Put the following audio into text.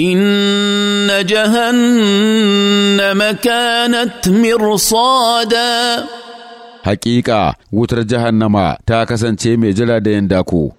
ان جهنم كانت مرصادا حقيقه وتر جهنم تاكسن كسانتي مي جلا دين داكو